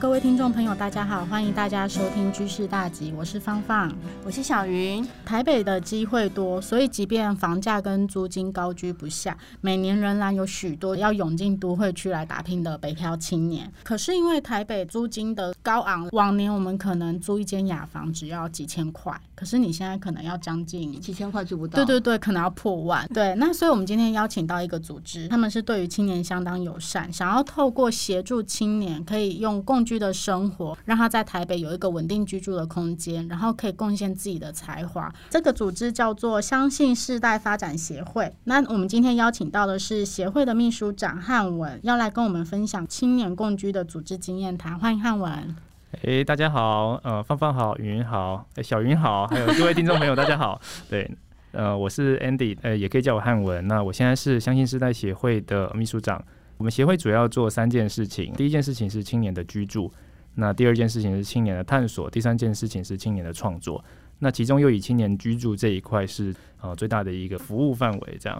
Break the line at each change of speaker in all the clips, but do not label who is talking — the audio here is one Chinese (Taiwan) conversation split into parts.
各位聽眾朋友，大家好，歡迎大家收聽《居士大吉》，我是芳芳，我是小雲。台北的機會多，所以即便房價跟租金高居不下，每年仍然有許多要湧進都會區來打拼的北漂青年。可是因為台北租金的高昂，往年我們可能租一間雅房只要幾千塊，可是你現在可能要將近幾千塊租不到，對對對，可能要破萬。對，那所以我們今天邀請到一個組織，他們是對於青年相當友善，想要透過協助青年，可以用共。共居的生活，讓他在台北有一個穩定居住的空間，然後可以貢獻自己的才華。這個組織叫做“相信世代發展協會”。那我們今天邀請到的是協會的秘書長翰文，要來跟我們分享青年共居的組織經驗談。歡迎翰文。
哎，大家好，呃，芳芳好，雲雲好，小雲好，還有各位聽眾朋友，大家好。 對，呃，我是 Andy，呃，也可以叫我翰文。那我現在是相信世代協會的秘書長。我們協會主要做三件事情，第一件事情是青年的居住，那第二件事情是青年的探索，第三件事情是青年的創作。那其中又以青年居住這一塊是呃最大的一個服務範圍，這樣。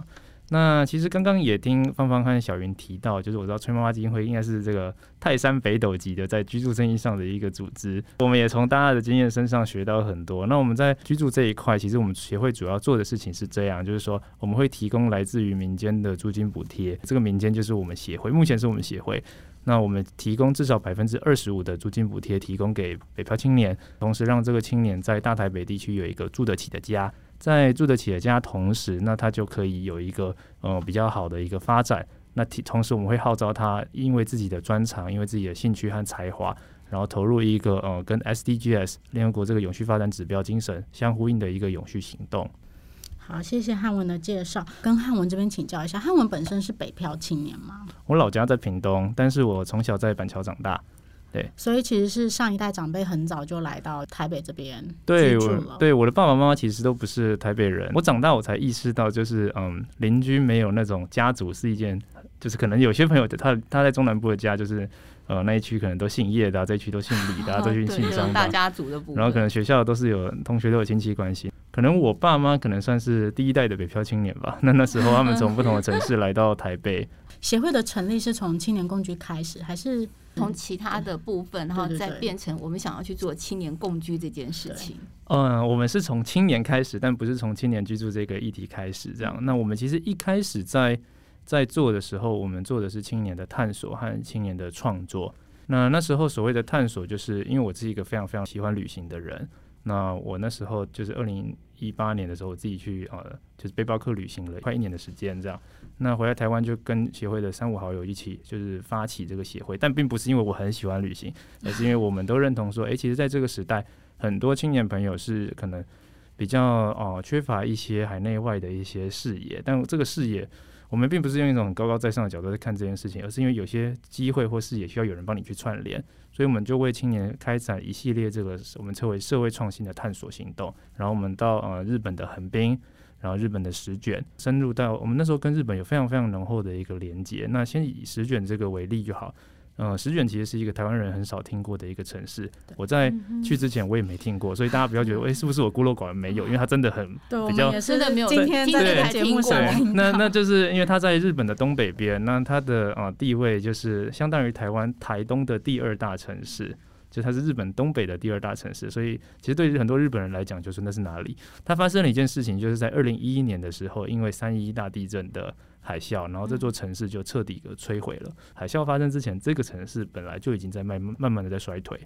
那其實剛剛也聽芳芳和小雲提到，就是我知道“崔媽媽基金會”應該是這個泰山北斗級的在居住正義上的一個組織。我們也從大家的經驗身上學到很多。那我們在居住這一塊，其實我們協會主要做的事情是這樣，就是說我們會提供來自於民間的租金補貼，這個民間就是我們協會，目前是我們協會。那我們提供至少百分之二十五的租金補貼，提供給北漂青年，同時讓這個青年在大台北地區有一個住得起的家。在住的企業家同時，那他就可以有一個呃，比較好的一個發展。那同時，我們會號召他，因為自己的專長，因為自己的興趣和才華，然後投入一個呃，跟 SDGs 聯合國這個永續發展指標精神相呼應的一個永續行動。
好，謝謝漢文的介紹。跟漢文這邊請教一下，漢文本身是北漂青年嗎？
我老家在屏東，但是我從小在板橋長大。
所以其實是上一代長輩很早就來到台北這邊對，對，我
對我的爸爸媽媽其實都不是台北人，我長大我才意識到，就是嗯，鄰居沒有那種家族是一件，就是可能有些朋友他他在中南部的家就是呃那一區可能都姓葉的、啊，這一區都姓李的、啊，這一區姓張的，然後可能學校都是有同學都有親戚關係，可能我爸媽可能算是第一代的北漂青年吧，那那時候他們從不同的城市來到台北
協會的成立是從青年公局開始還是？從其他的部分、嗯，然後再變成我
們想要去做青年共居這件事情。
對對對。嗯，我們是從青年開始，但不是從青年居住這個議題開始。這樣，那我們其實一開始在在做的時候，我們做的是青年的探索和青年的創作。那那時候所謂的探索，就是因為我是一個非常非常喜歡旅行的人。那我那時候就是二零一八年的時候，我自己去呃，就是背包客旅行了快一年的時間，這樣。那回來台灣就跟協會的三五好友一起，就是發起這個協會。但並不是因為我很喜歡旅行，而是因為我們都認同說，誒，其實在這個時代，很多青年朋友是可能比較哦、呃、缺乏一些海內外的一些視野。但這個視野，我們並不是用一種高高在上的角度在看這件事情，而是因為有些機會或視野需要有人幫你去串聯。所以我們就為青年開展一系列這個我們稱為社會創新的探索行動，然後我們到呃日本的橫濱，然後日本的石卷，深入到我們那時候跟日本有非常非常濃厚的一個連接。那先以石卷這個為例就好。嗯，石卷其實是一個台灣人很少聽過的一個城市。我在去之前我也沒聽過，嗯、所以大家不要覺得哎、欸，是不是我孤陋寡聞沒有？因為它真的很比較，今天在這台節目上那那就是因為它在日本的東北邊，那它的啊、呃、地位就是相當於台灣台東的第二大城市。就它是日本東北的第二大城市，所以其實對於很多日本人來講，就是那是哪裡？它發生了一件事情，就是在二零一一年的時候，因為三一大地震的海嘯，然後這座城市就徹底的摧毀了。海嘯發生之前，這個城市本來就已經在慢慢慢的在衰退，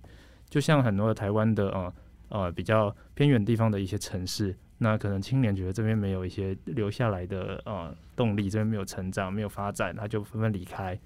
就像很多台灣的呃呃比較偏遠地方的一些城市，那可能青年覺得這邊沒有一些留下來的呃動力，這邊沒有成長、沒有發展，他就紛紛離開。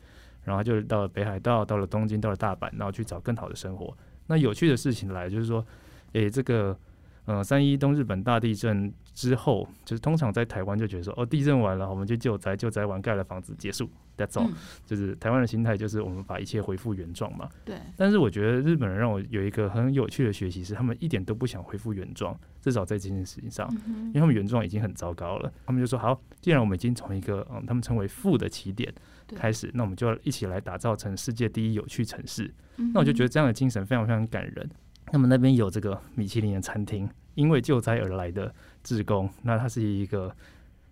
然後就到了北海道，到了東京，到了大阪，然後去找更好的生活。那有趣的事情來就是說，誒，這個，嗯、呃，三一東日本大地震之後，就是通常在台灣就覺得說，哦，地震完了，我們就救災，救災完蓋了房子，結束。That's all，、嗯、就是台灣的心態就是我們把一切恢復原狀嘛。對。但是我覺得日本人讓我有一個很有趣的學習是，他們一點都不想恢復原狀，至少在這件事情上、嗯，因為他們原狀已經很糟糕了。他們就說，好，既然我們已經從一個，嗯，他們稱為負的起點。開始，那我們就要一起來打造成世界第一有趣城市。嗯、那我就覺得這樣的精神非常非常感人。那麼那邊有這個米其林的餐廳，因為救災而來的志工，那他是一個，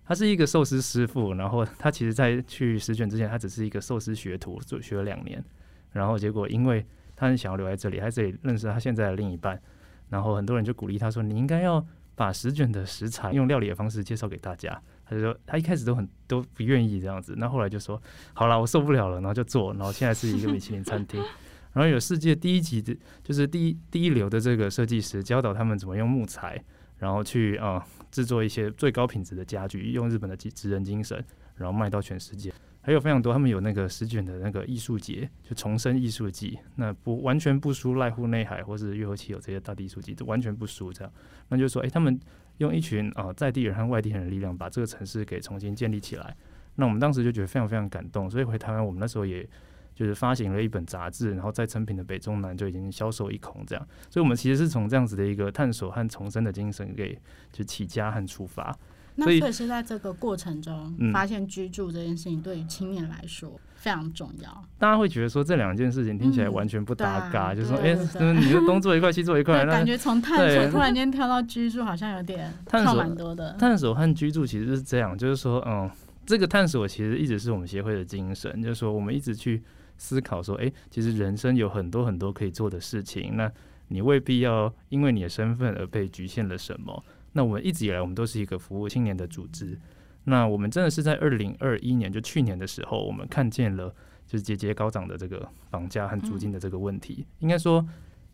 他是一個壽司師傅。然後他其實在去石卷之前，他只是一個壽司學徒，就學了兩年。然後結果，因為他很想要留在這裡，他在這裡認識他現在的另一半。然後很多人就鼓勵他說：“你應該要把石卷的食材用料理的方式介紹給大家。”就說他一開始都很都不願意這樣子，那後來就說好了，我受不了了，然後就做，然後現在是一個米其林餐廳， 然後有世界第一級的，就是第一第一流的這個設計師教導他們怎麼用木材，然後去啊制、嗯、作一些最高品質的家具，用日本的職職人精神，然後賣到全世界，還有非常多他們有那個十卷的那個藝術節，就重生藝術季，那不完全不輸瀨戶內海或是月後妻有這些大地藝術季，就完全不輸這樣，那就說哎、欸、他們。用一群啊在地人和外地人的力量，把這個城市給重新建立起來。那我們當時就覺得非常非常感動，所以回台灣我們那時候也就是發行了一本雜誌，然後在誠品的北中南就已經銷售一空，這樣。所以我們其實是從這樣子的一個探索和重生的精神給就起家和出發。
那所以是在這個過程中、嗯、發現居住這件事情對於青年來說非常重要。
大家會覺得說，這兩件事情聽起來完全不搭嘎。嗯啊、就是說哎，對對對欸、 你就東做一塊，西做一塊， 感覺從探索突然
間跳到居住好像有點跳蠻多的。探
索和居住其實是這樣，就是說嗯，這個探索其實一直是我們協會的精神，就是說我們一直去思考說，哎、欸，其實人生有很多很多可以做的事情，那你未必要因為你的身份而被局限了什麼。那我們一直以來，我們都是一個服務青年的組織。那我們真的是在二零二一年，就去年的時候，我們看見了就是節節高漲的這個房價和租金的這個問題。嗯、應該說，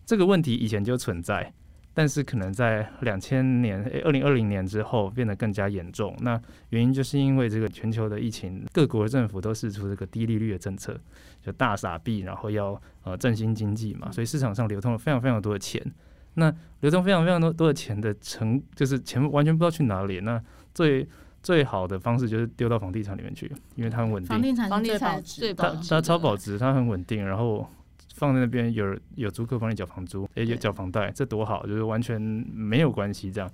這個問題以前就存在，但是可能在兩千年、欸、二零二零年之後變得更加嚴重。那原因就是因為這個全球的疫情，各國政府都釋出這個低利率的政策，就大撒幣，然後要呃振興經濟嘛，所以市場上流通了非常非常多的錢。那流通非常非常多多的錢的成就是錢完全不知道去哪裡。那最最好的方式就是丟到房地產裡面去，因為它很穩定。
房地產、房地產最保值。
它它超保值，它很穩定。然後放在那邊有有租客幫你繳房租，也有繳房貸，這多好，就是完全沒有關係這樣。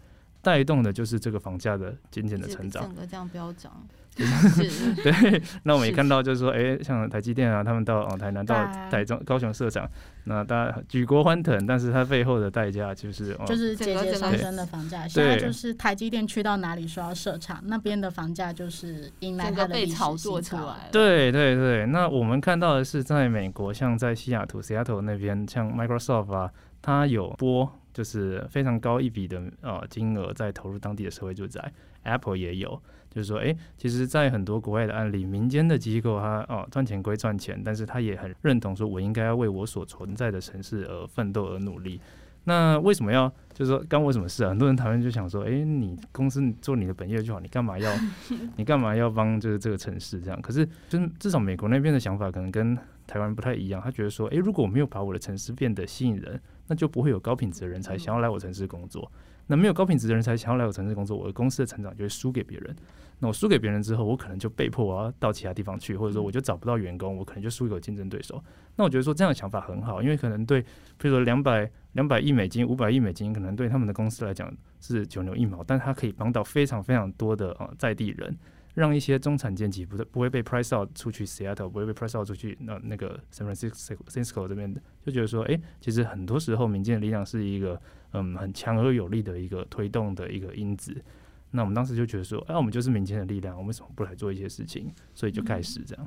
帶動的就是這個房價的漸漸的成長。
整
個這樣飆漲。 對，那我們也看到，就是說，哎、欸，像台積電啊，他們到往、哦、台南到台中、高雄設廠，那大家舉國歡騰，但是它背後的代價就是、哦、就是節節上升的房價。現在就
是台積電去到哪裡說要設廠，那邊的房價就是迎來它的被炒作出來。
對對對，那我們看到的是，在美國，像在西雅圖 （Seattle） 那邊，像 Microsoft 啊，它有播。就是非常高一筆的呃金額在投入當地的社會住宅，Apple 也有，就是說，哎，其實，在很多國外的案例，民間的機構，他哦賺錢歸賺錢，但是他也很認同說，我應該要為我所存在的城市而奮鬥而努力。那為什麼要就是說干我什麼事啊？很多人討論就想說，哎，你公司做你的本業就好，你幹嘛要你幹嘛要幫就是這個城市這樣？可是就是至少美國那邊的想法可能跟台灣不太一樣，他覺得說，哎，如果我沒有把我的城市變得吸引人。那就不會有高品質的人才想要來我城市工作。那沒有高品質的人才想要來我城市工作，我的公司的成長就會輸給別人。那我輸給別人之後，我可能就被迫我要到其他地方去，或者說我就找不到員工，我可能就輸給我競爭對手。那我覺得說，這樣的想法很好，因為可能對，比如說，兩百兩百億美金、五百億美金，可能對他們的公司來講是九牛一毛，但他可以幫到非常非常多的在地人。讓一些中產階級不不會被 price out 出去 Seattle，不會被 price out 出去那那個 San Francisco 這邊，就覺得說，哎、欸，其實很多時候民間的力量是一個，嗯，很強而有力的一個推動的一個因子。那我們當時就覺得說，哎、欸，我們就是民間的力量，我們為什麼不來做一些事情？所以就開始這樣。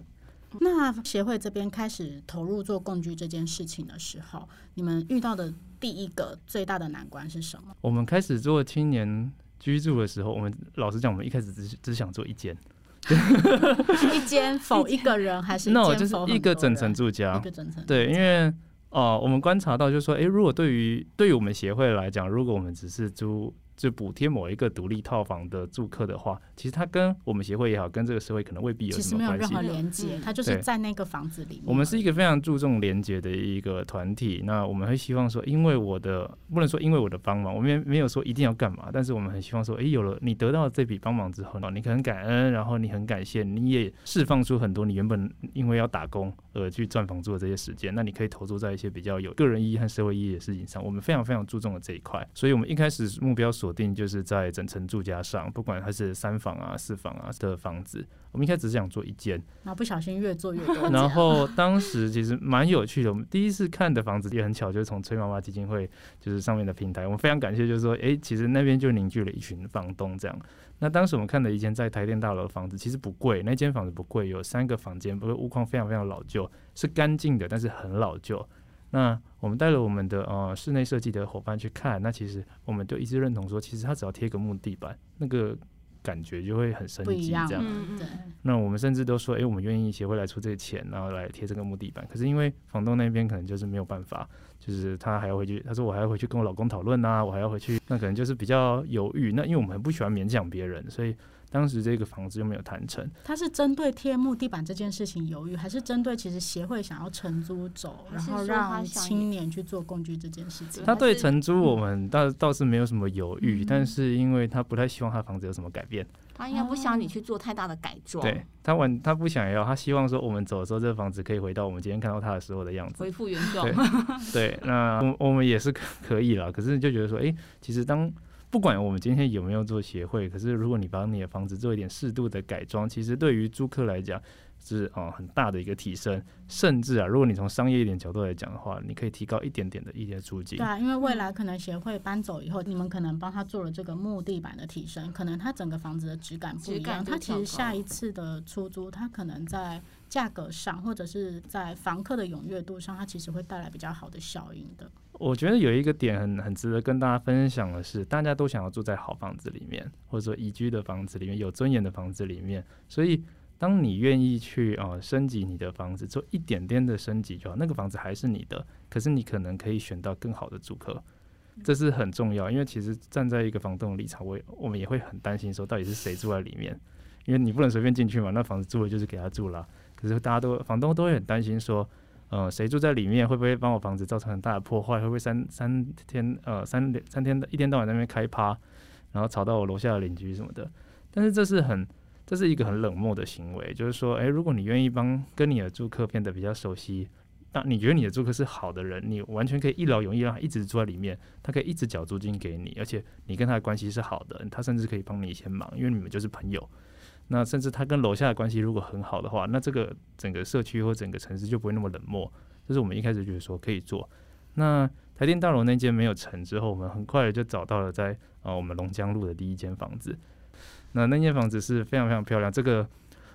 嗯、那協會這邊開始投入做共居這件事情的時候，你們遇到的第一個最大的難關是什麼？
我們開始做青年。居住的時候，我們老實講，我們一開始只只想做一間，
一間 for 一個人還是人，那我就是一個
整層住家，一個整層。對，因為哦、呃，我們觀察到就是說，誒、欸，如果對於對於我們協會來講，如果我們只是租。就補貼某一個獨立套房的住客的話，其實他跟我們協會也好，跟這個社會可能未必有什麼關係。其實沒有任何連接，他、嗯、
就是在那個房子裡。我們
是一個非常注重連接的一個團體。那我們會希望說，因為我的不能說因為我的幫忙，我們沒有說一定要幹嘛，但是我們很希望說，哎、欸，有了你得到這筆幫忙之後呢，你很感恩，然後你很感謝，你也釋放出很多你原本因為要打工而去賺房租的這些時間，那你可以投注在一些比較有個人意義和社會意義的事情上。我們非常非常注重的這一塊，所以我們一開始目標所。否定，就是在整層住家上，不管它是三房啊、四房啊的房子，我們一開始只是想做一間，
然後不小心越做越多。 然
後當時其實蠻有趣的，我們第一次看的房子也很巧，就是從崔媽媽基金會就是上面的平台，我們非常感謝，就是說，哎、欸，其實那邊就凝聚了一群房東這樣。那當時我們看的一間在台電大樓的房子，其實不貴，那間房子不貴，有三個房間，不過屋況非常非常老舊，是乾淨的，但是很老舊。那我們帶了我們的呃室內設計的夥伴去看，那其實我們就一致認同說，其實他只要貼個木地板，那個感覺就會很升級。這樣，不一樣，嗯。那我們甚至都說，哎、欸，我們願意協會來出這個錢，然後來貼這個木地板。可是因為房東那邊可能就是沒有辦法，就是他還要回去，他說我還要回去跟我老公討論吶，我還要回去，那可能就是比較猶豫。那因為我們很不喜歡勉強別人，所以。當時這個房子，又沒有談成，
他是針對貼木地板這件事情猶豫，還是針對其實協會想要承租走，然後讓青年去做共居這件事情？他對
承租我們倒倒是沒有什麼猶豫，但是因為他不太希望他的房子有什麼改變，他應
該不想你去做太大的改裝。
對他，他不想要，他希望說我們走的時候，這個房子可以回到我們今天看到他的時候的樣子，恢復原狀。對，對，那我我們也是可以了，可是就覺得說，哎，其實當。不管我們今天有沒有做協會，可是如果你幫你的房子做一點適度的改裝，其實對於租客來講是哦很大的一個提升。甚至啊，如果你從商業一點角度來講的話，你可以提高一點點的一些租金。對啊，
因為未來可能協會搬走以後，你們可能幫他做了這個木地板的提升，可能他整個房子的質感不一樣，他其實下一次的出租，他可能在價格上或者是在房客的踴躍度上，它其實會帶來比較好的效應的。
我覺得有一個點很很值得跟大家分享的是，大家都想要住在好房子裡面，或者說宜居的房子裡面，有尊嚴的房子裡面。所以，當你願意去啊、呃、升級你的房子，做一點點的升級就好，那個房子還是你的，可是你可能可以選到更好的租客，這是很重要。因為其實站在一個房東的立場，我我們也會很擔心說，到底是誰住在裡面？因為你不能隨便進去嘛，那房子租了就是給他住了。可是大家都房東都會很擔心說。呃，誰住在裡面？會不會幫我房子造成很大的破壞？會不會三三天呃三三天一天到晚在那邊開趴，然後吵到我樓下的鄰居什麼的？但是這是很這是一個很冷漠的行為，就是說，哎、欸，如果你願意幫跟你的住客變得比較熟悉，那你覺得你的住客是好的人，你完全可以一勞永逸讓他一直住在裡面，他可以一直繳租金給你，而且你跟他的關係是好的，他甚至可以幫你一些忙，因為你們就是朋友。那甚至他跟樓下的關係如果很好的話，那這個整個社區或整個城市就不會那麼冷漠。這、就是我們一開始就是說可以做。那台電大樓那間沒有成之後，我們很快就找到了在啊、呃、我們龍江路的第一間房子。那那間房子是非常非常漂亮。這個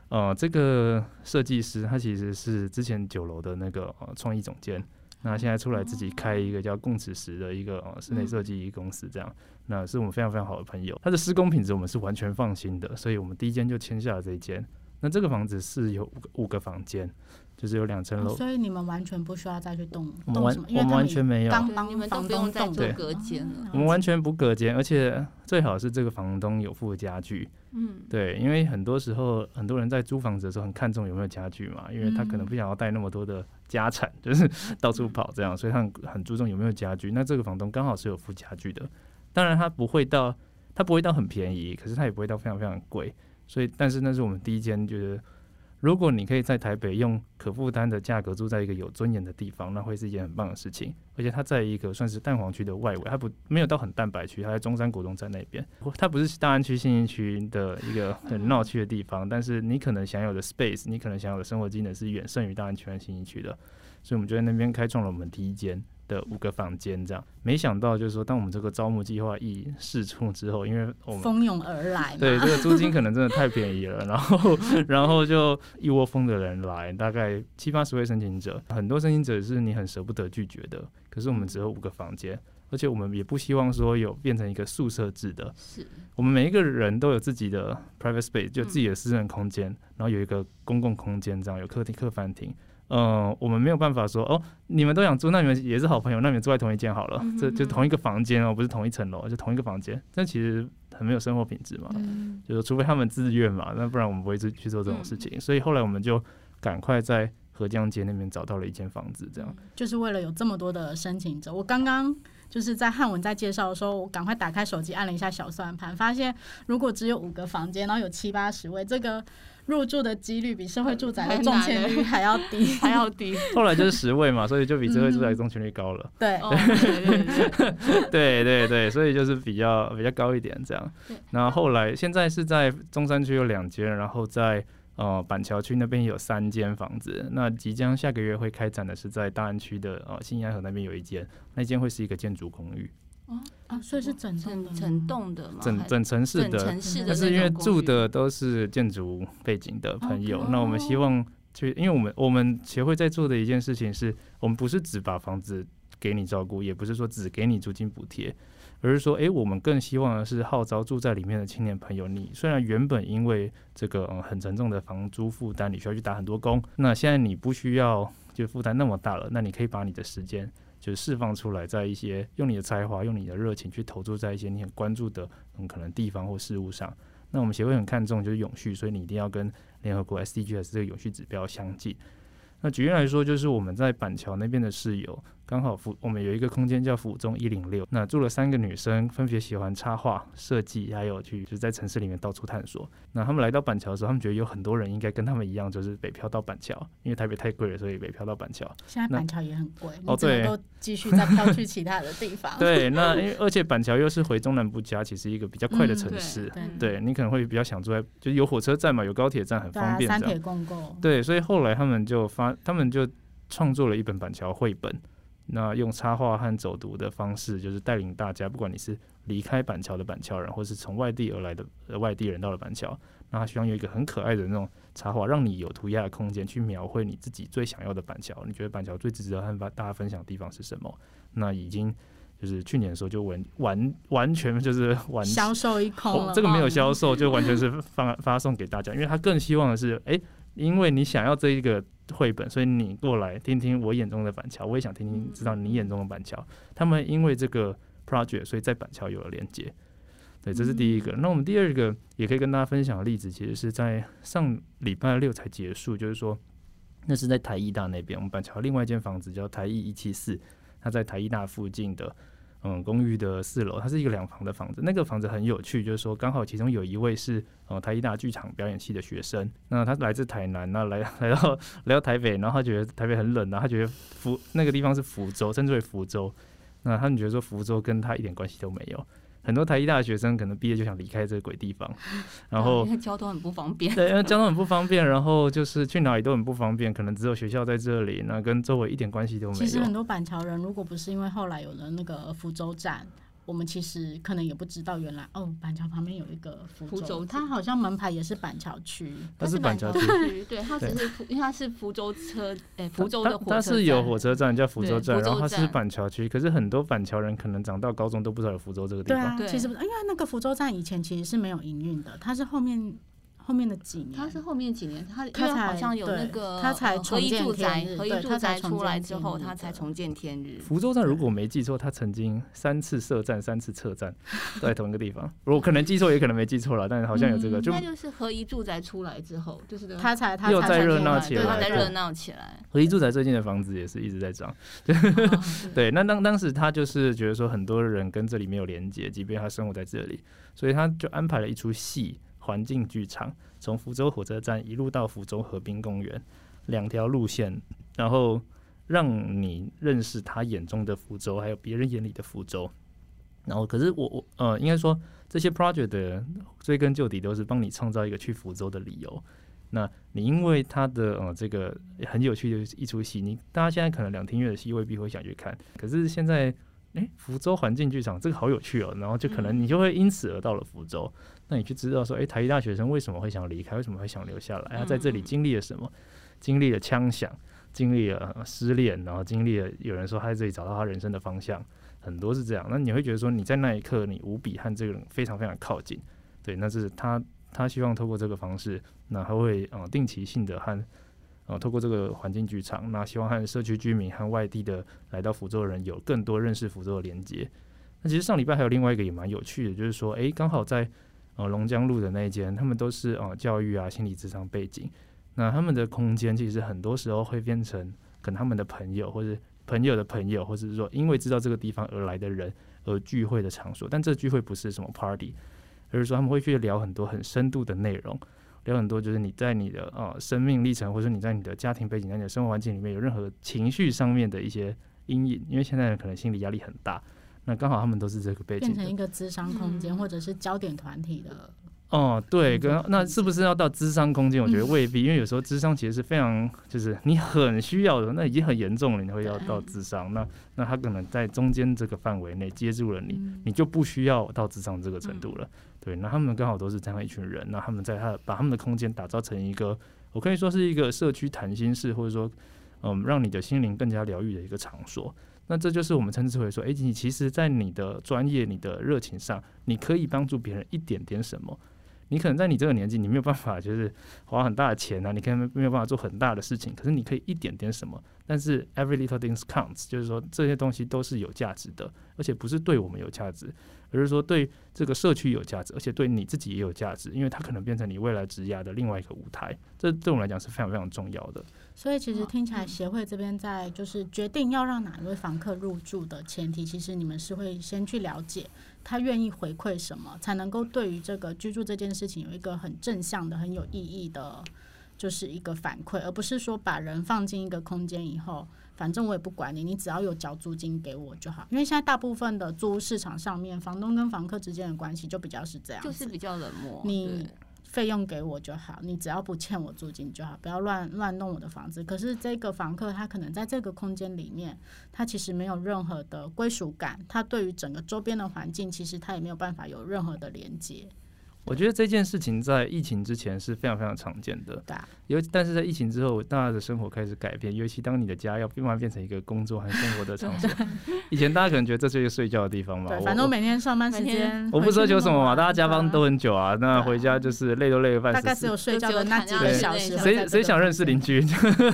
呃這個設計師他其實是之前九樓的那個呃創意總監。那現在出來自己開一個叫共此時的一個、哦哦、室內設計公司，這樣、嗯，那是我們非常非常好的朋友，他的施工品質我們是完全放心的，所以我們第一間就簽下了這一間。那這個房子是有五個房間，就是有兩層樓，所以
你們完全不需要再去動動什麼，因為我們完全沒有，當你們都不用再做隔間了、哦、了，我們
完全不隔間，而且最好是這個房東有附家具，
嗯，
對，因為很多時候很多人在租房子的時候很看重有沒有家具嘛，因為他可能不想要帶那麼多的、嗯。家產就是到處跑這樣，所以他很注重有沒有家具。那這個房東剛好是有附家具的，當然他不會到，他不會到很便宜，可是他也不會到非常非常貴。所以，但是那是我們第一間，就是。如果你可以在台北用可負擔的價格住在一個有尊嚴的地方，那會是一件很棒的事情。而且它在一個算是蛋黃區的外圍，它不，沒有到很蛋白區，它在中山國中在那邊，它不是大安區、信義區的一個很鬧區的地方，但是你可能享有的 space，你可能享有的生活機能是遠勝於大安區跟信義區的，所以我們就在那邊開創了我們第一間的五個房間，這樣沒想到就是說，當我們這個招募計劃一釋出之後，因為我們蜂
擁而來，對這個租金可
能真的太便宜了， 然後然後就一窩蜂的人來，大概七八十位申請者，很多申請者是你很捨不得拒絕的，可是我們只有五個房間，而且我們也不希望說有變成一個宿舍制的，是我們每一個人都有自己的 private space，就自己的私人空間、嗯，然後有一個公共空間，這樣有客廳、客飯廳。嗯，我們沒有辦法說哦，你們都想住那，你們也是好朋友，那你們住在同一間好了，嗯哼哼，這就同一個房間哦，不是同一層樓，就同一個房間。但其實很沒有生活品質嘛，嗯、就是除非他們自願嘛，那不然我們不會去去做這種事情，嗯。所以後來我們就趕快在合江街那邊找到了一間房子，這樣
就是為了有這麼多的申請者。我剛剛就是在翰文在介紹的時候，我趕快打開手機按了一下小算盤，發現如果只有五個房間，然後有七八十位，這個。入住的幾率比社會住宅的中籤率還要低，還，還要低。 後來就
是十位嘛，所以就比社會住宅中籤率高了。嗯、對，對, oh, 對，對，對，對， 對對對，所以就是比較比較高一點這樣。那後來現在是在中山區有兩間，然後在、呃、板橋區那邊有三間房子。那即將下個月會開展的是在大安區的呃新安河那邊有一間，那間會是一個建築公寓。
啊，所以是整層整棟的嗎？整整城市的，整城市的，但是因為住
的都是建築背景的朋友，哦、那我們希望，就因為我們我們協會在做的一件事情是，我們不是只把房子給你照顧，也不是說只給你租金補貼，而是說，哎、欸，我們更希望的是號召住在裡面的青年朋友，你雖然原本因為這個、嗯、很沉重的房租負擔，你需要去打很多工，那現在你不需要就負擔那麼大了，那你可以把你的時間。就是釋放出來，在一些用你的才華、用你的熱情去投注在一些你很關注的很可能地方或事物上。那我們協會很看重就是永續，所以你一定要跟聯合國 SDGs 這個永續指標相近。那舉例來說，就是我們在板橋那邊的室友，剛好府我們有一個空間叫府中一零六，那住了三個女生，分別喜歡插畫、設計，還有去就是在城市裡面到處探索。那他們來到板橋的時候，他們覺得有很多人應該跟他們一樣，就是北漂到板橋，因為台北太貴了，所以北漂到板橋。現在板
橋也很貴，哦對，都繼續再漂去其他的地方。 對，那因
為而且板橋又是回中南部家，其實一個比較快的城市、嗯對對。對，你可能會比較想住在，就有火車站嘛，有高鐵站，很方便。對、啊，三鐵
共構。
對，所以後來他們就發。他們就創作了一本板橋繪本，那用插畫和走讀的方式，就是帶領大家，不管你是離開板橋的板橋人，或是從外地而來的、呃、外地人到了板橋，那他希望有一個很可愛的那種插畫，讓你有塗鴉的空間，去描繪你自己最想要的板橋。你覺得板橋最值得和大家分享的地方是什麼？那已經就是去年的時候就完完完全就是完銷售一空。哦，這個沒有銷售，就完全是發發送給大家，因為他更希望的是誒。欸因為你想要這一個繪本，所以你過來聽聽我眼中的板橋。我也想聽聽，知道你眼中的板橋。他們因為這個 project，所以在板橋有了連接。對，這是第一個。嗯。那我們第二個也可以跟大家分享的例子，其實是在上禮拜六才結束，就是說，那是在台藝大那邊。我們板橋另外一間房子叫台藝一七四，它在台藝大附近的。嗯，公寓的四樓，它是一個兩房的房子。那個房子很有趣，就是說，剛好其中有一位是嗯、呃、台藝大劇場表演系的學生，那他來自台南，那來來到來到台北，然後他覺得台北很冷，然後他覺得浮那個地方是浮洲，稱之為浮洲，那他們覺得說浮洲跟他一點關係都沒有。很多台藝大學生可能畢業就想離開這個鬼地方，然後
交通很不方便。對，因為交
通很不方便，然後就是去哪裡都很不方便，可能只有學校在這裡，那跟周圍一點關係都沒有。其實很多
板橋人，如果不是因為後來有了那個浮洲站。我們其實可能也不知道，原來哦，板橋旁邊有一個浮洲，浮洲，它好像門牌也是板橋區，它是板橋區，對，它只是因為它是浮洲車，哎、欸，浮洲的火車站，它，它是有火車
站叫浮洲站，浮洲站，然後它是板橋區，可是很多板橋人可能長到高中都不知道有浮洲這個地方。對、啊、其實不
是，因為那個浮洲站以前其實是沒有營運的，它是後面。後面的幾年，他是後面幾年，他他好像有那個，他才合宜住宅，合宜住宅出來之後，他
才，他才重見天日。浮
洲站如果沒記錯，他曾經三次設站，三次撤站，在同一個地方。 我可能記錯，也可能沒記錯了，但是好像有這個。應、嗯、該就，
就是合宜住宅出來之後，就是他才他又再熱鬧起來，他再熱鬧起來。
合宜住宅最近的房子也是一直在漲。對，那當當時他就是覺得說，很多人跟這裡沒有連接，即便他生活在這裡，所以他就安排了一出戲。環境劇場從浮洲火車站一路到浮洲河濱公園，兩條路線，然後讓你認識他眼中的浮洲，還有別人眼裡的浮洲。然後，可是我我呃，應該說這些 project 追根究底都是幫你創造一個去浮洲的理由。那你因為他的呃這個很有趣的，一出戲，你大家現在可能兩廳院的戲未必會想去看，可是現在誒，浮洲環境劇場這個好有趣哦，然後就可能你就會因此而到了浮洲。那你去知道說，哎、欸，台藝大學生為什麼會想離開？為什麼會想留下來？他、嗯嗯啊、在這裡經歷了什麼？經歷了槍響，經歷了失戀，然後經歷了有人說他在這裡找到他人生的方向，很多是這樣。那你會覺得說，你在那一刻你無比和這個人非常非常靠近。對，那是他他希望透過這個方式，那他會嗯、呃，定期性的和嗯、呃，透過這個環境劇場，那希望和社區居民和外地的來到浮洲的人有更多認識浮洲的連接。那其實上禮拜還有另外一個也蠻有趣的，就是說，哎、欸，剛好在.呃，龍江路的那一間，他們都是哦、呃，教育啊，心理諮商背景。那他們的空間其實很多時候會變成跟他們的朋友，或者朋友的朋友，或者是，是說因為知道這個地方而來的人而聚會的場所。但這聚會不是什麼 party，而是說他們會去聊很多很深度的內容，聊很多就是你在你的呃生命歷程，或者你在你的家庭背景、在你的生活環境裡面有任何情緒上面的一些陰影，因為現在可能心理壓力很大。那剛好他們都是這個背景，變成一
個諮商空間、嗯、或者是焦點團體的。
哦，對，跟那是不是要到諮商空間？我覺得未必，嗯、因為有時候諮商其實是非常，就是你很需要的，那已經很嚴重了，你會要到諮商。那那他可能在中間這個範圍內接住了你、嗯，你就不需要到諮商這個程度了。嗯、對，那他們剛好都是這樣一群人，那他們在他把他們的空間打造成一個，我可以說是一個社區談心室，或者說，嗯，讓你的心靈更加療愈的一個場所。那這就是我們稱之為說，哎、欸，你其實，在你的專業、你的熱情上，你可以幫助別人一點點什麼？你可能在你這個年紀，你沒有辦法就是花很大的錢啊，你可能沒有辦法做很大的事情，可是你可以一點點什麼。但是 every little thing counts，就是說這些東西都是有價值的，而且不是對我們有價值，而是說對這個社區有價值，而且對你自己也有價值，因為它可能變成你未來職業的另外一個舞台。這對我們來講是非常非常重要的。
所以其實聽起來，協會這邊在就是決定要讓哪一位房客入住的前提，其實你們是會先去了解他願意回饋什麼，才能夠對於這個居住這件事情有一個很正向的、很有意義的。就是一個反饋，而不是說把人放進一個空間以後，反正我也不管你，你只要有交租金給我就好。因為現在大部分的租屋市場上面，房東跟房客之間的關係就比較是這樣，就是比較冷漠。你費用給我就好，你只要不欠我租金就好，不要亂亂弄我的房子。可是這個房客他可能在這個空間裡面，他其實沒有任何的歸屬感，他對於整個周邊的環境其實他也沒有辦法有任何的連接。
我覺得這件事情在疫情之前是非常非常常見的，對、啊。尤但是在疫情之後，大家的生活開始改變，尤其當你的家要慢慢變成一個工作和生活的場所。 以前大家可能覺得這是一個睡覺的地方吧，反正我
每天上班時間，我不奢求什
麼嘛，大家加班都很久啊,啊，那回家就是累都累個半死。大概只有
睡覺的那幾個小時，誰誰
想認識鄰居？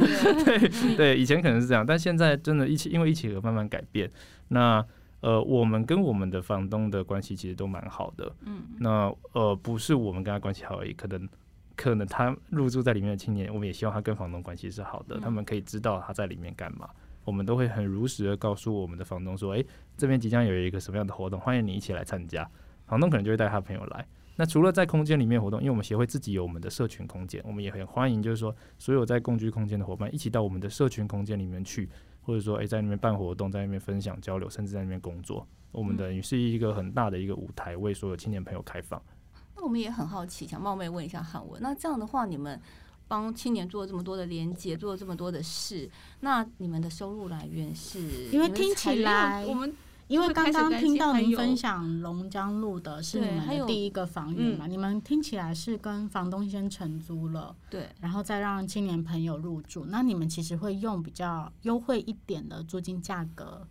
對對，以前可能是這樣，但現在真的疫情，因為疫情而慢慢改變。那呃，我們跟我們的房東的關係其實都蠻好的。嗯，那呃，不是我們跟他關係好而已，可能可能他入住在裡面的青年，我們也希望他跟房東關係是好的，嗯、他們可以知道他在裡面幹嘛。我們都會很如實的告訴我們的房東說，誒，這邊即將有一個什麼樣的活動，歡迎你一起來參加。房東可能就會帶他朋友來。那除了在空間裡面活動，因為我們協會自己有我們的社群空間，我們也很歡迎，就是說所有在共居空間的伙伴一起到我們的社群空間裡面去。或者說，誒，在那邊辦活動，在那邊分享交流，甚至在那邊工作。我們等於是一個很大的一個舞台，為所有青年朋友開放。
嗯、那我們也很好奇，想冒昧問一下翰文，那這樣的話，你們幫青年做了這麼多的連接，做了這麼多的事，
那你們的收入來源是？因為聽起來我們。因為剛剛聽到您分享龍江路的是你們的第一個房源嘛？你們聽起來是跟房東先承租了，對，然後再讓青年朋友入住。那你們其實會用比較優惠一點的租金價格，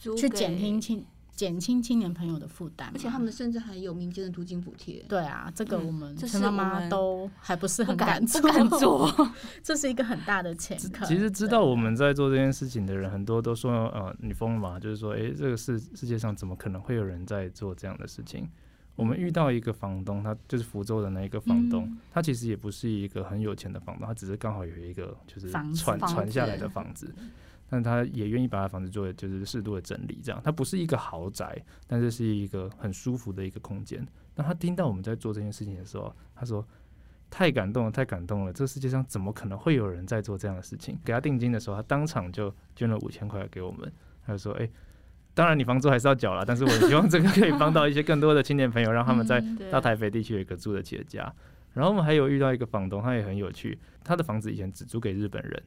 去減輕
青。減輕青年朋友的負擔，而且他們甚至還有民間的租金補貼。對啊，這個我們崔媽媽都還不是很敢做，不敢不敢做 這是一個很大的前提。其實
知道我們在做這件事情的人很多都說：“呃，你瘋了嘛？”就是說：“哎、欸，這個世世界上怎麼可能會有人在做這樣的事情？”我們遇到一個房東，他就是浮洲的那一個房東，他、嗯、其實也不是一個很有錢的房東，他只是剛好有一個就是傳傳下來的房子。但他也願意把他的房子做，就是適度的整理，這樣。他不是一個豪宅，但是是一個很舒服的一個空間。當他聽到我們在做這件事情的時候，他說：“太感動了，太感動了！這個、世界上怎麼可能會有人在做這樣的事情？”給他定金的時候，他當場就捐了五千塊給我們。他就說：“哎、欸，當然你房租還是要繳了，但是我希望這個可以幫到一些更多的青年朋友， 讓他們在大台北地區有一個住得起的家。嗯”然後我們還有遇到一個房東，他也很有趣。他的房子以前只租給日本人。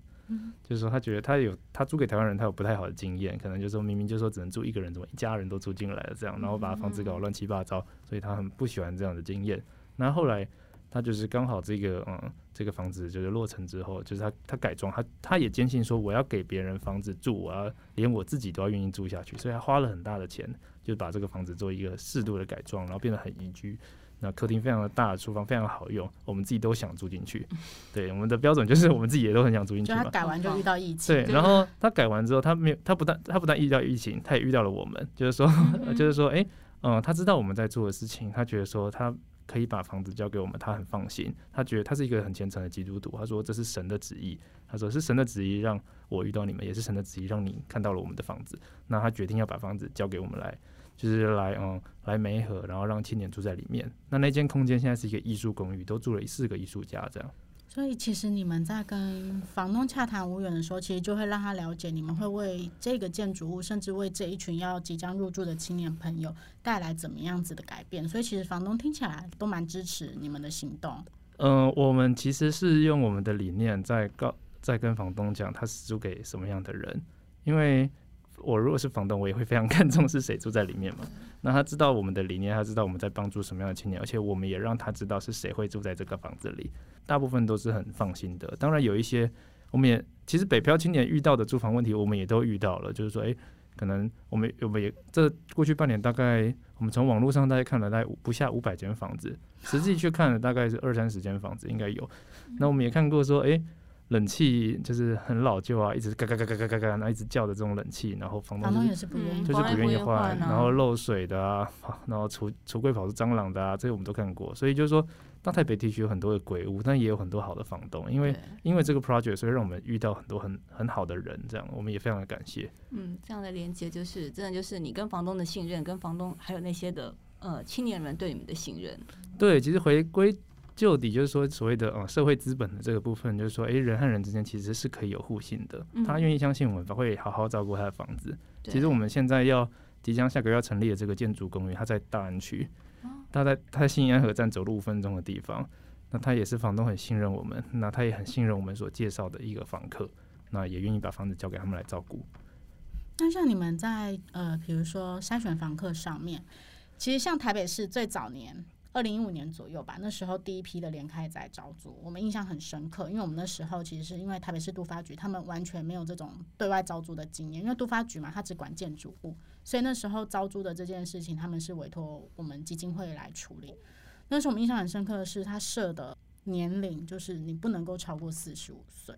就是說，他覺得他有他租給台灣人，他有不太好的經驗，可能就是說明明就是說只能住一個人，怎麼一家人都住進來了這樣，然後把房子搞亂七八糟，所以他很不喜歡這樣的經驗。那後來他就是剛好這個嗯這個房子就是落成之後，就是他他改裝，他他也堅信說我要給別人房子住，我要連我自己都要願意住下去，所以他花了很大的錢就把這個房子做一個適度的改裝，然後變得很宜居。那客廳非常的大，廚房非常好用，我們自己都想住進去。對，我們的標準就是我們自己也都很想住進去嘛。他改完就遇到疫情，對，對。然後他改完之後，他沒有，他不但他不但遇到疫情，他也遇到了我們，就是說，嗯嗯就是說，哎、欸，嗯、呃，他知道我們在做的事情，他覺得說他可以把房子交給我們，他很放心。他覺得他是一個很虔誠的基督徒，他說這是神的旨意，他說是神的旨意讓我遇到你們，也是神的旨意讓你看到了我們的房子。那他決定要把房子交給我們來。就是來嗯來梅河，然後讓青年住在裡面。那那間空間現在是一個藝術公寓，都住了四個藝術家這樣。
所以其實你們在跟房東洽談無緣的時候，其實就會讓他了解你們會為這個建築物，甚至為這一群要即將入住的青年朋友帶來怎麼樣子的改變。所以其實房東聽起來都蠻支持你們的行動。
嗯、呃，我們其實是用我們的理念在告在跟房東講，他是租給什麼樣的人，因為。我如果是房東，我也會非常看重是誰住在裡面嘛。那他知道我們的理念，他知道我們在幫助什麼樣的青年，而且我們也讓他知道是誰會住在這個房子裡。大部分都是很放心的。當然有一些，我們也其實北漂青年遇到的住房問題，我們也都遇到了。就是說，誒、欸，可能我們我們也這過去半年大概，我們從網絡上大概看了，大概不下五百間房子，實際去看了大概是二三十間房子，應該有。那我們也看過說，誒、欸。冷氣就是很老舊啊，一直嘎嘎嘎嘎嘎嘎然後一直叫的這種冷氣，然後房東,、就是、房東也是不願意，就、嗯、是不願意換，然後漏水的啊，啊然後廚櫥,櫥櫃跑出蟑螂的啊，這些我們都看過。所以就是說，大台北地區有很多的鬼屋，但也有很多好的房東，因為因為這個 project，所以讓我們遇到很多很很好的人，這樣我們也非常的感謝。嗯，
這樣的連接就是真的就是你跟房東的信任，跟房東還有那些的呃青年人對你們的信任。
對，其實回歸。就底，就是說所謂的哦社會資本的這個部分，就是說，哎、欸，人和人之間其實是可以有互信的。嗯、他願意相信我們，會好好照顧他的房子。其實我們現在要即將下個月要成立的這個建築公寓，它在大安區、哦，他在他在信義安和站走路五分鐘的地方。那他也是房東很信任我們，那他也很信任我們所介紹的一個房客，那也願意把房子交給他們來照顧。
那像你們在呃，比如說篩選房客上面，其實像台北市最早年。二零一五年左右吧，那時候第一批的聯開在招租，我們印象很深刻，因為我們那時候其實是因為台北市都發局他們完全沒有這種對外招租的經驗，因為都發局嘛，他只管建築物，所以那時候招租的這件事情他們是委託我們基金會來處理。那時候我們印象很深刻的是，他設的年齡就是你不能夠超過四十五歲。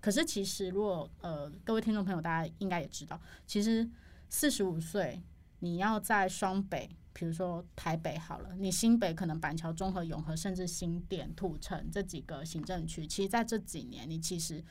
可是其實如果呃，各位聽眾朋友大家應該也知道，其實四十五歲你要在雙北。比如說台北好了，你新北可能板橋、中和、永和，甚至新店、土城這幾個行政區，其實在這幾年，你其實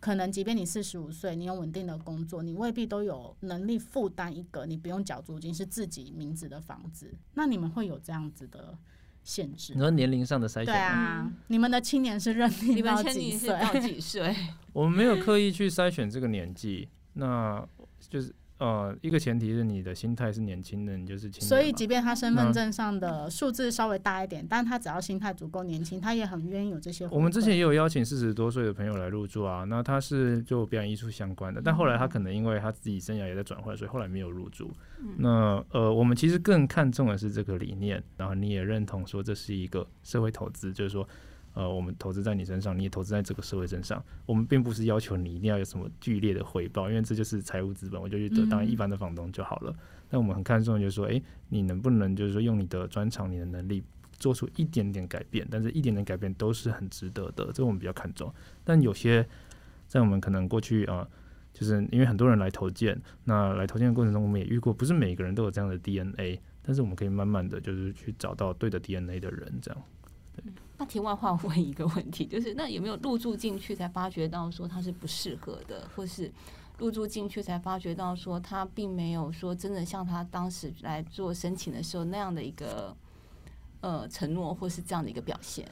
可能，即便你四十五歲，你有穩定的工作，你未必都有能力負擔一個你不用繳租金、是自己名字的房子。那你們會有這樣子的限制？你說年齡上的篩選嗎？對啊，你們的青年是認定到幾歲？你們到幾歲？
我們沒有刻意去篩選這個年紀，那就是。呃，一個前提是你的心態是年輕的，你就是青年嘛，所以，即便他身份證
上的數字稍微大一點，但他只要心態足夠年輕，他也很願意有這些。我們之前也有
邀請四十多歲的朋友來入住啊，那他是就表演藝術相關的、嗯，但後來他可能因為他自己生涯也在轉換，所以後來沒有入住。嗯、那呃，我們其實更看重的是這個理念，然後你也認同說這是一個社會投資，就是說。呃，我們投資在你身上，你也投資在這個社會身上。我們並不是要求你一定要有什麼劇烈的回報，因為這就是財務資本，我就覺得當一般的房東就好了。嗯、但我們很看重，就是說，誒，你能不能就是說用你的專長、你的能力做出一點點改變？但是一點點改變都是很值得的，這我們比較看重。但有些在我們可能過去啊，就是因為很多人來投建，那來投建的過程中，我們也遇過，不是每個人都有這樣的 DNA，但是我們可以慢慢的就是去找到對的 DNA 的人，這樣。
對。嗯。那題外話，我問一個問題，就是那有沒有入住進去才發覺到說他是不適合的，或是入住進去才發覺到說他並沒有說真的像他當時來做申請的時候那樣的一個呃承諾，或是這樣的一個表現？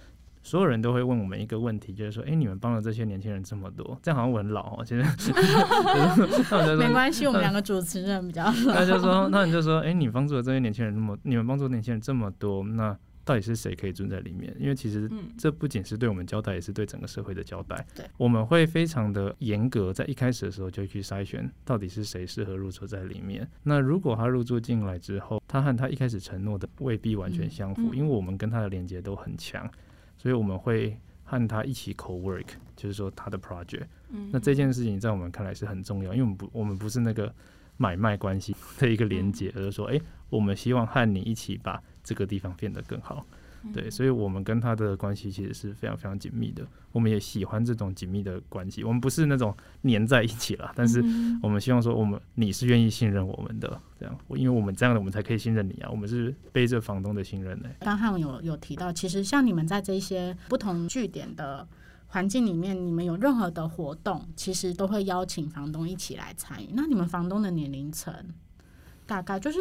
所有人都會問我們一個問題，就是說，哎、欸，你們幫了這些年輕人這麼多，這樣好像我很老哦。其實， 沒關係，我們兩個主
持人比較老。那就說，
那你就說，哎、欸，你幫助了這些年輕人那麼，你們幫助年輕人這麼多，那。到底是誰可以住在裡面？因為其實這不僅是對我們交代，也是對整個社會的交代。嗯、我們會非常的嚴格，在一開始的時候就去篩選到底是誰適合入住在裡面。那如果他入住進來之後，他和他一開始承諾的未必完全相符、嗯嗯，因為我們跟他的連接都很強，所以我們會和他一起 co-work，就是說他的 project、嗯。那這件事情在我們看來是很重要，因為我們不，我們不是那個買賣關係的一個連接，而是說，哎、欸，我們希望和你一起把。這個地方變得更好，對，所以我們跟他的關係其實是非常非常緊密的。我們也喜歡這種緊密的關係，我們不是那種粘在一起了，但是我們希望說，我們你是願意信任我們的，這樣，因為我們這樣的，我們才可以信任你啊。我們是背着房東的信任呢、欸。
剛翰有有提到，其實像你們在這些不同據點的環境裡面，你們有任何的活動，其實都會邀請房東一起來參與。那你們房東的年齡層大概就是。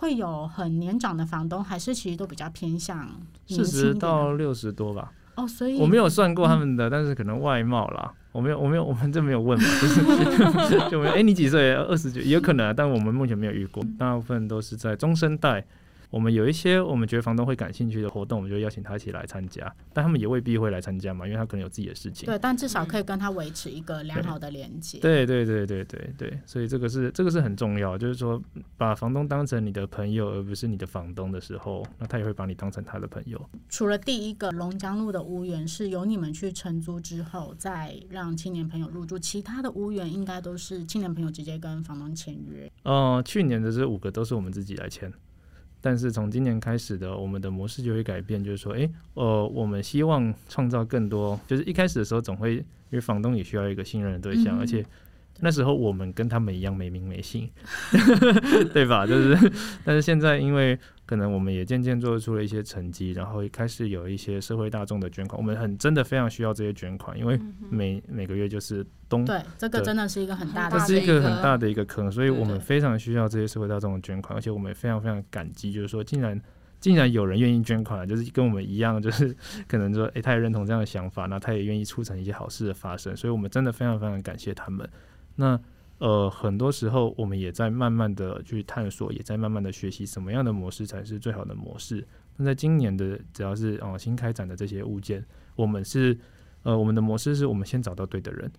會有很年長的房東，還是其實都比較偏向四十到
六十多吧？
哦、oh，所以我沒有算過他
們的，嗯、但是可能外貌啦，我沒有，我沒有，我們這沒有問嘛， 就沒有。哎、欸，你幾歲？二十幾？有可能、啊，但我們目前沒有遇過，大部分都是在中生代。我們有一些我們覺得房東會感興趣的活動，我們就邀請他一起來參加，但他們也未必會來參加嘛，因為他可能有自己的事情。對，
但至少可以跟他維持一個良好的連接。
對對對對對對，所以這個是這個是很重要，就是說，把房東當成你的朋友，而不是你的房東的時候，那他也會把你當成他的朋友。
除了第一個龍江路的屋源，是由你們去承租之後再讓青年朋友入住，其他的屋源應該都是青年朋友直接跟房東簽約。
呃，去年的這五個都是我們自己來簽。但是從今年開始的，我們的模式就會改變，就是說，哎，呃，我們希望創造更多，就是一開始的時候總會，因為房東也需要一個信任的對象，嗯、而且。那時候我們跟他們一樣沒名沒姓， 對吧？就是，但是現在因為可能我們也漸漸做出了一些成績，然後開始有一些社會大眾的捐款。我們很真的非常需要這些捐款，因為每每個月就是冬，對這個真的
是一個很大的，這是一個很大
的一個坑，所以我們非常需要這些社會大眾的捐款，而且我們也非常非常感激，就是說竟然竟然有人願意捐款，就是跟我們一樣，就是可能說，欸，他也認同這樣的想法，那他也願意促成一些好事的發生。所以我們真的非常非常感謝他們。那呃，很多時候我們也在慢慢的去探索，也在慢慢的學習什麼樣的模式才是最好的模式。那在今年的只要是哦、呃，新開展的這些物件，我們是呃我們的模式是我們先找到對的人，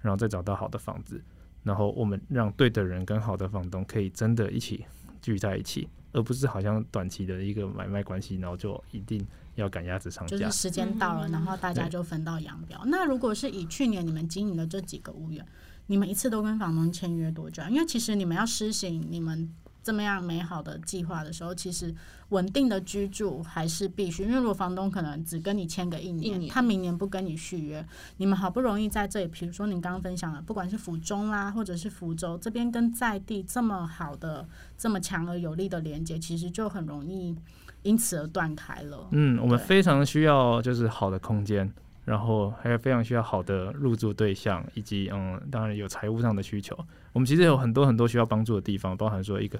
然後再找到好的房子，然後我們讓對的人跟好的房東可以真的一起聚在一起，而不是好像短期的一個買賣關係，然後就一定要趕鴨子上架。就是時間到了，嗯、然後大家就
分道揚鑣。那如果是以去年你們經營的這幾個物業？你們一次都跟房東簽約多久？因為其實你們要實行你們這麼樣美好的計劃的時候，其實穩定的居住還是必須。因為如果房東可能只跟你簽個一年、一年，他明年不跟你續約，你們好不容易在這裡，比如說你剛剛分享的，不管是浮洲啦或者是浮洲這邊跟在地這麼好的、這麼強而有力的連接，其實就很容易因此而斷開了。嗯，我們非
常需要就是好的空間。然後還有非常需要好的入住對象，以及嗯，當然有財務上的需求。我們其實有很多很多需要幫助的地方，包含說一個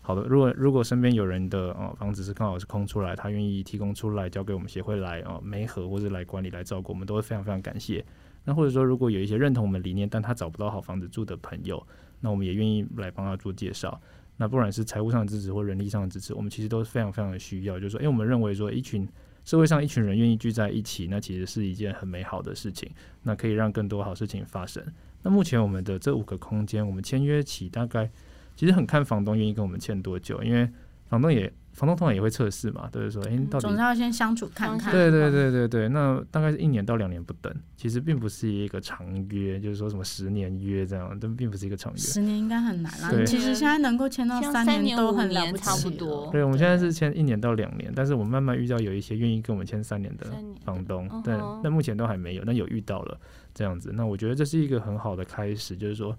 好的，如果如果身邊有人的啊、哦、房子是剛好是空出來，他願意提供出來交給我們協會來啊，媒、哦、合或者來管理來照顧，我們都會非常非常感謝。那或者說如果有一些認同我們理念，但他找不到好房子住的朋友，那我們也願意來幫他做介紹。那不管是財務上的支持或人力上的支持，我們其實都是非常非常的需要。就是說，哎，我們認為說一群。社會上一群人願意聚在一起，那其實是一件很美好的事情，那可以讓更多好事情發生。那目前我們的這五個空間，我們簽約期大概，其實很看房東願意跟我們簽多久，因為房東也。房東通常也會測試嘛，就是說，哎、欸，到底總要
先相處看看。對
對對對對，那大概是一年到兩年不等，其實並不是一個長約，就是說什麼十年約這樣，但並不是一個長約。十
年應該很難啦。對，其實現在能夠簽到三年都很難，年年差不
多。對，我們現在是簽一年到兩年，但是我們慢慢遇到有一些願意跟我們簽三年的房東，嗯、但那目前都還沒有，那有遇到了這樣子，那我覺得這是一個很好的開始，就是說，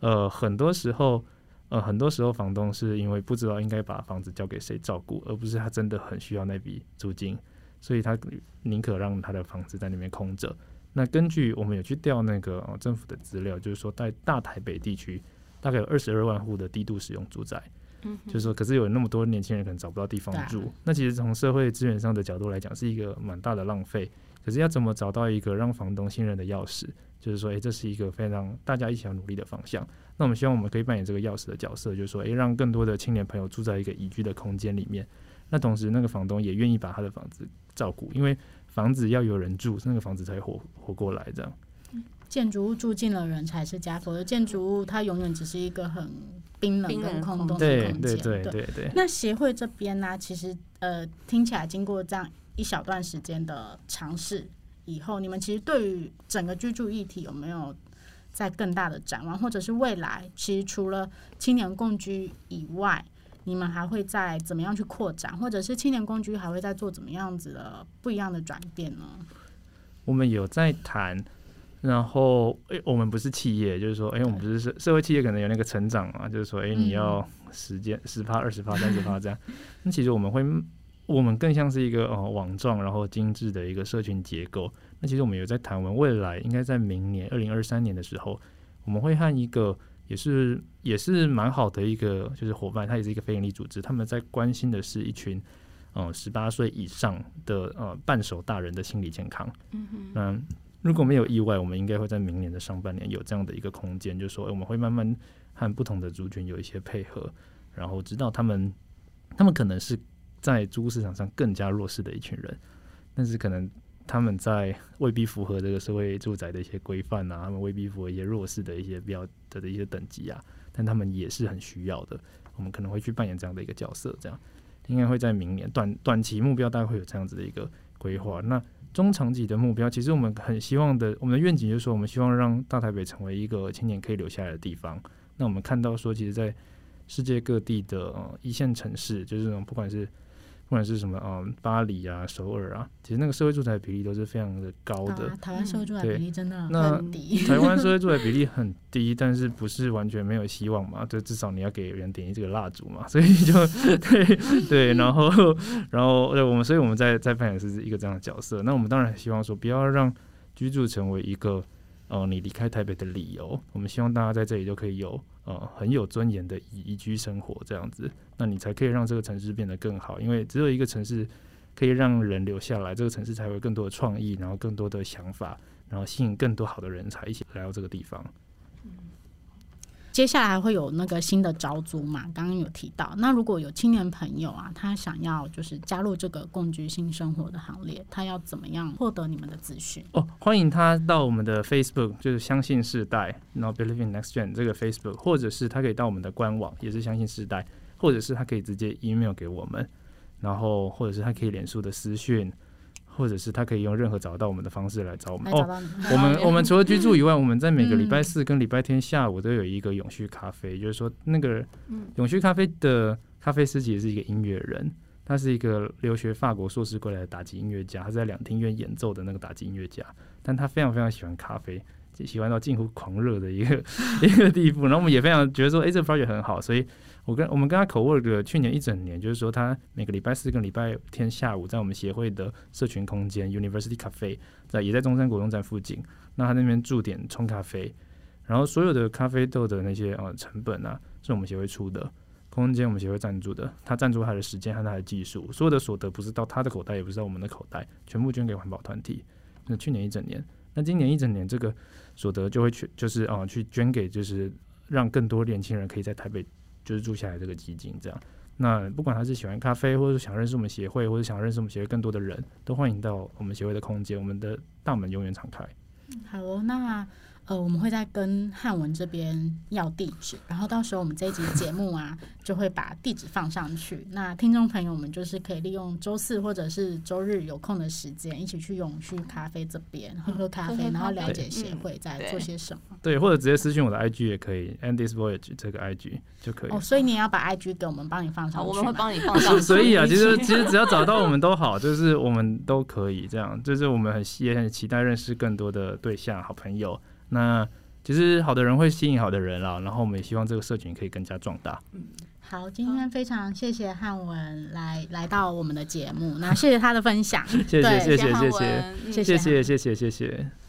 呃，很多時候。呃，很多時候房東是因為不知道應該把房子交給誰照顧，而不是他真的很需要那筆租金，所以他寧可讓他的房子在那邊空着。那根據我們有去調那個、呃、政府的資料，就是說在大台北地區大概有二十二萬戶的低度使用住宅，嗯，就是說可是有那麼多年輕人可能找不到地方住，啊，那其實從社會資源上的角度來講是一個蠻大的浪費。可是要怎麼找到一個讓房東信任的鑰匙？就是說，哎，這是一個非常大家一起要努力的方向。那我們希望我們可以扮演這個鑰匙的角色，就是說，哎，讓更多的青年朋友住在一個宜居的空間裡面。那同時，那個房東也願意把他的房子照顧，因為房子要有人住，那個房子才活活過來。這樣，
建築物住進了人才是家，否則建築物它永遠只是一個很冰冷跟空洞的空間。對對對對對。對。那協會這邊呢、啊，其實呃，聽起來經過這樣一小段時間的嘗試。以後你們其實對於整個居住議題有沒有在更大的展望，或者是未來？其實除了青年共居以外，你們還會在怎麼樣去擴展，或者是青年共居還會在做怎麼樣子的不一樣的轉變呢？
我們有在談，然後哎，我們不是企業，就是說哎，我們不是社社會企業，可能有那個成長啊，就是說哎，你要實踐、十、嗯、趴、二十趴、三十趴這樣。 那其實我們會。我們更像是一個呃、哦、網狀，然後精緻的一個社群結構。那其實我們有在談論未來，應該在明年二零二三年的時候，我們會和一個也是也是蠻好的一個就是夥伴，他也是一個非營利組織，他們在關心的是一群嗯十八歲以上的呃半熟大人的心理健康。嗯嗯。那如果沒有意外，我們應該會在明年的上半年有這樣的一個空間，就是說我們會慢慢和不同的族群有一些配合，然後知道他們他們可能是。在租市場上更加弱勢的一群人，但是可能他們在未必符合這個社會住宅的一些規範啊，他們未必符合一些弱勢的一些比較的的一些等級啊，但他們也是很需要的。我們可能會去扮演這樣的一個角色，這樣應該會在明年短短期目標，大概會有這樣子的一個規劃。那中長期的目標，其實我們很希望的，我們的願景就是說，我們希望讓大台北成為一個青年可以留下來的地方。那我們看到說，其實，在世界各地的、呃、一線城市，就是那種不管是或者是什麼嗯，巴黎啊，首爾啊，其實那個社會住宅比例都是非常的高的。啊、台灣社會住宅比例真的很低，那台灣社會住宅比例很低， 但是不是完全沒有希望嘛？就至少你要給人點一這個蠟燭嘛。所以就 對 對， 對，然後然後對我們所以我們在在扮演是一個這樣的角色。那我們當然希望說，不要讓居住成為一個哦、呃、你離開台北的理由。我們希望大家在這裡就可以有。嗯，很有尊嚴的宜居生活這樣子，那你才可以讓這個城市變得更好。因為只有一個城市可以讓人留下來，這個城市才有更多的創意，然後更多的想法，然後吸引更多好的人才一起來到這個地方。
接下來會有那個新的招租嘛？剛剛有提到，那如果有青年朋友啊，他想要就是加入這個共居性生活的行列，他要怎麼樣獲得你們的資訊？哦，
歡迎他到我們的 Facebook，就是相信世代，然後 Believe in Next Gen 這個 Facebook，或者是他可以到我們的官網，也是相信世代，或者是他可以直接 email 給我們，然後或者是他可以臉書的私訊。或者是他可以用任何找到我們的方式來找我們找哦。 我們我們除了居住以外，我們在每個禮拜四跟禮拜天下午都有一個永續咖啡，嗯、就是說那個永續咖啡的咖啡師其實是一個音樂人，他是一個留學法國碩士過來的打擊音樂家，他在兩廳院演奏的那個打擊音樂家，但他非常非常喜歡咖啡，喜歡到近乎狂熱的一個 一個地步。然後我們也非常覺得說，誒、欸，這個 project 很好，所以。我跟我們跟他 co-work 了去年一整年，就是說他每個禮拜四跟禮拜天下午，在我們協會的社群空間 University Cafe 在也在中山國中站附近。那他那邊駐點沖咖啡，然後所有的咖啡豆的那些呃成本啊，是我們協會出的，空間我們協會贊助的，他贊助他的時間和他的技術，所有的所得不是到他的口袋，也不是到我們的口袋，全部捐給環保團體。那去年一整年，那今年一整年這個所得就會去，就是啊、呃、去捐給，就是讓更多年輕人可以在台北。就是住下來這個基金這樣，那不管他是喜歡咖啡，或者想認識我們協會，或者想認識我們協會更多的人，都歡迎到我們協會的空間，我們的大門永遠敞開。
嗯，好哦，那。呃，我們會再跟翰文這邊要地址，然後到時候我們這一集節目啊， 就會把地址放上去。那聽眾朋友們，就是可以利用周四或者是周日有空的時間，一起去永續咖啡這邊喝喝咖啡，然後了解協會在做些什麼對，嗯
對。對，或者直接私信我的 IG 也可以，Andy's Voyage，嗯、這個 IG 就可以。哦，
所以你也要把 IG 給我們，幫你放上去，我們會幫你放上去。 所以啊，其實其實只
要找到我們都好， 就是我們都可以這樣，就是我們很也很期待認識更多的對象好朋友。那其實好的人會吸引好的人啦，啊，然後我們也希望這個社群可以更加壯大。嗯，
好，今天非常謝謝翰文來來到我們的節目，那 謝謝他的分享， 謝謝謝謝謝謝、嗯、謝謝
謝謝，謝謝謝謝。